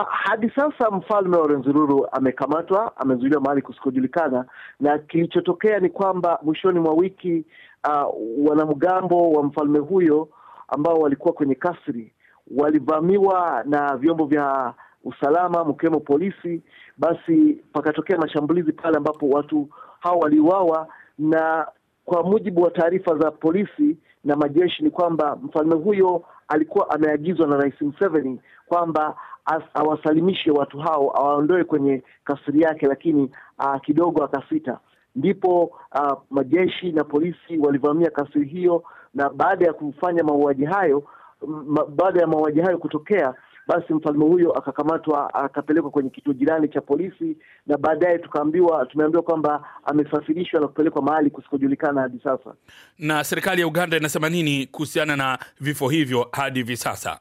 Ah, hadi sasa mfalme wa Rwenzururu amekamatwa, amezuiliwa mahali kusikojulikana, na kilichotokea ni kwamba mwishoni mwa wiki uh, wanamgambo wa mfalme huyo ambao walikuwa kwenye kasri walivamiwa na vyombo vya usalama mkiwemo polisi. Basi pakatokea mashambulizi pale ambapo watu hao waliuawa, na kwa mujibu wa taarifa za polisi na majeshi, ni kwamba mfalme huyo alikuwa ameagizwa na Rais mseveni kwamba awasalimishe watu hao, awaondoe kwenye kasiri yake, lakini uh, kidogo akasita. Ndipo uh, majeshi na polisi walivamia kasiri hiyo, na baada ya kufanya mauaji hayo, baada ya mauaji hayo kutokea basi mfalme huyo akakamatwa akapelekwa kwenye kituo jirani cha polisi, na baadaye tukaambiwa, tumeambiwa kwamba amesafirishwa na kupelekwa mahali kusikojulikana hadi sasa. Na serikali ya Uganda inasema nini kuhusiana na vifo hivyo hadi hivi sasa?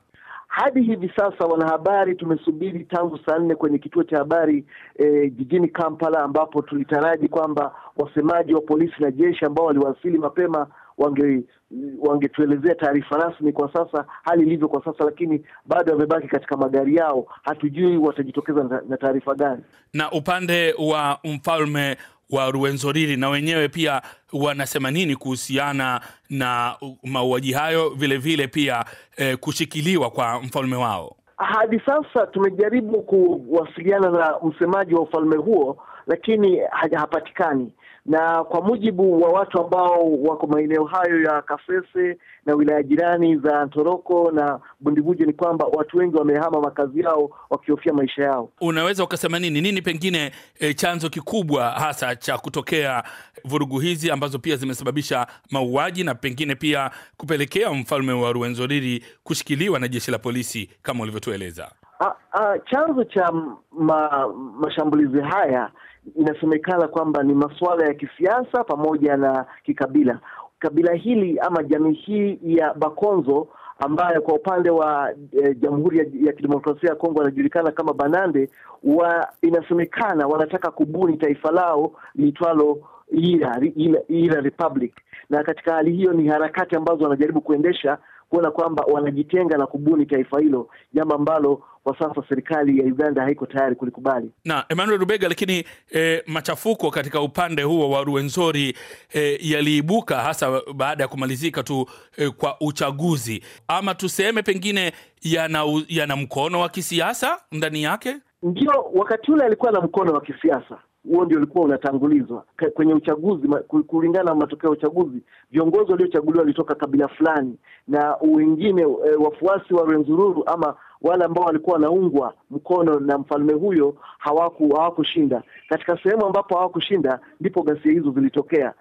Hadi hivi sasa wanahabari tumesubiri tangu saa nne kwenye kituo cha habari e, jijini Kampala, ambapo tulitaraji kwamba wasemaji wa polisi na jeshi ambao waliwasili mapema wange wangetuelezea taarifa rasmi kwa sasa hali ilivyo kwa sasa, lakini bado wamebaki katika magari yao. Hatujui watajitokeza na, na taarifa gani. Na upande wa mfalme wa ruenzoriri na wenyewe pia wanasema nini kuhusiana na mauaji hayo, vile vile pia eh, kushikiliwa kwa mfalme wao? Hadi sasa tumejaribu kuwasiliana na msemaji wa ufalme huo lakini hapatikani. Na kwa mujibu wa watu ambao wako maeneo hayo ya Kafese na wilaya jirani za Ntoroko na Bundibuje ni kwamba watu wengi wamehama makazi yao wakihofia maisha yao. Unaweza ukasema nini nini pengine e, chanzo kikubwa hasa cha kutokea vurugu hizi ambazo pia zimesababisha mauaji na pengine pia kupelekea mfalme wa ruenzoriri kushikiliwa na jeshi la polisi kama ulivyotueleza? A, ah, a, ah, chanzo cha ma, mashambulizi haya inasemekana kwamba ni masuala ya kisiasa pamoja na kikabila. Kabila hili ama jamii hii ya Bakonzo ambayo kwa upande wa e, Jamhuri ya, ya Kidemokrasia ya Kongo wanajulikana kama Banande wa, inasemekana wanataka kubuni taifa lao liitwalo Ira, Ira, Ira Republic, na katika hali hiyo ni harakati ambazo wanajaribu kuendesha kuona kwamba wanajitenga na kubuni taifa hilo, jambo ambalo kwa sasa serikali ya Uganda haiko tayari kulikubali. Na Emmanuel Rubega, lakini e, machafuko katika upande huo wa Ruwenzori e, yaliibuka hasa baada ya kumalizika tu e, kwa uchaguzi, ama tuseme pengine yana yana mkono wa kisiasa ndani yake. Ndio, wakati ule alikuwa na mkono wa kisiasa huo ndio ulikuwa unatangulizwa kwenye uchaguzi. Kulingana na matokeo ya uchaguzi, viongozi waliochaguliwa walitoka kabila fulani, na wengine e, wafuasi wa renzururu ama wale ambao walikuwa wanaungwa mkono na mfalme huyo hawaku hawakushinda. Katika sehemu ambapo hawakushinda, ndipo ghasia hizo zilitokea.